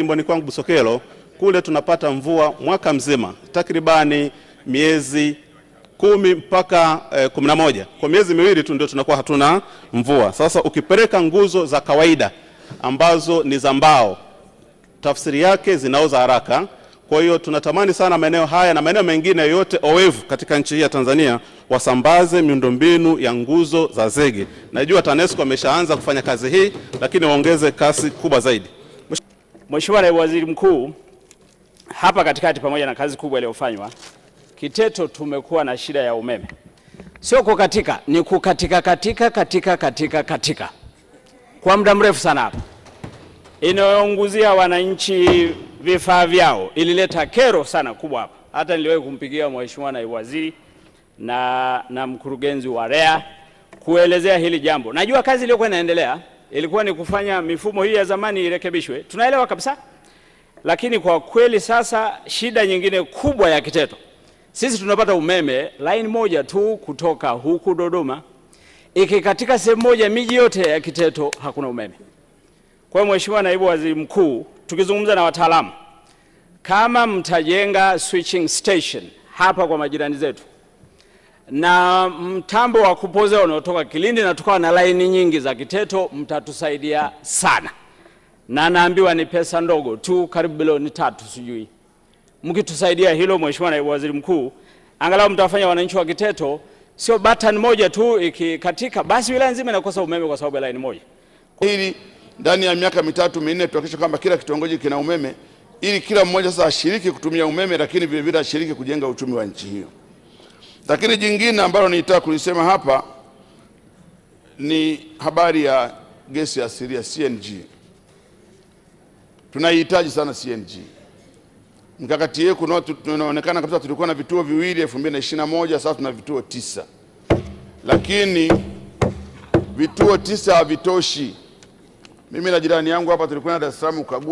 Jimboni kwangu Busokelo kule tunapata mvua mwaka mzima takribani miezi kumi mpaka e, eh, kumi na moja. Kwa miezi miwili tu ndio tunakuwa hatuna mvua. Sasa ukipeleka nguzo za kawaida ambazo ni za mbao, tafsiri yake zinaoza haraka. Kwa hiyo tunatamani sana maeneo haya na maeneo mengine yote owevu katika nchi hii ya Tanzania wasambaze miundombinu ya nguzo za zege. Najua TANESCO ameshaanza kufanya kazi hii, lakini waongeze kasi kubwa zaidi. Mheshimiwa Naibu Waziri Mkuu, hapa katikati, pamoja na kazi kubwa iliyofanywa Kiteto, tumekuwa na shida ya umeme, sio kukatika, ni kukatika katika katika katika katika kwa muda mrefu sana hapa, inayounguzia wananchi vifaa vyao, ilileta kero sana kubwa hapa. Hata niliwahi kumpigia Mheshimiwa Naibu Waziri na, na mkurugenzi wa REA kuelezea hili jambo. Najua kazi iliyokuwa inaendelea ilikuwa ni kufanya mifumo hii ya zamani irekebishwe, tunaelewa kabisa. Lakini kwa kweli sasa shida nyingine kubwa ya Kiteto, sisi tunapata umeme line moja tu kutoka huku Dodoma, ikikatika sehemu moja, miji yote ya Kiteto hakuna umeme. Kwa hiyo Mheshimiwa Naibu Waziri Mkuu, tukizungumza na wataalamu, kama mtajenga switching station hapa kwa majirani zetu na mtambo wa kupoza unaotoka Kilindi na tukawa na laini nyingi za Kiteto, mtatusaidia sana, na naambiwa ni pesa ndogo tu, karibu bilioni tatu sijui. Mkitusaidia hilo, Mheshimiwa Naibu Waziri Mkuu, angalau mtawafanya wananchi wa Kiteto, sio batani moja tu ikikatika, basi wilaya nzima inakosa umeme kwa sababu ya laini moja. Hili ndani ya miaka mitatu minne tuhakikishe kwamba kila kitongoji kina umeme, ili kila mmoja sasa ashiriki kutumia umeme, lakini vilevile ashiriki kujenga uchumi wa nchi hiyo. Lakini jingine ambalo nilitaka kulisema hapa ni habari ya gesi ya asilia CNG. Tunaihitaji sana CNG. Mkakati yetu tunaonekana kabisa, tulikuwa na vituo viwili 2021 sasa tuna vituo tisa, lakini vituo tisa havitoshi. Mimi na jirani yangu hapa tulikuwa na Dar es Salaam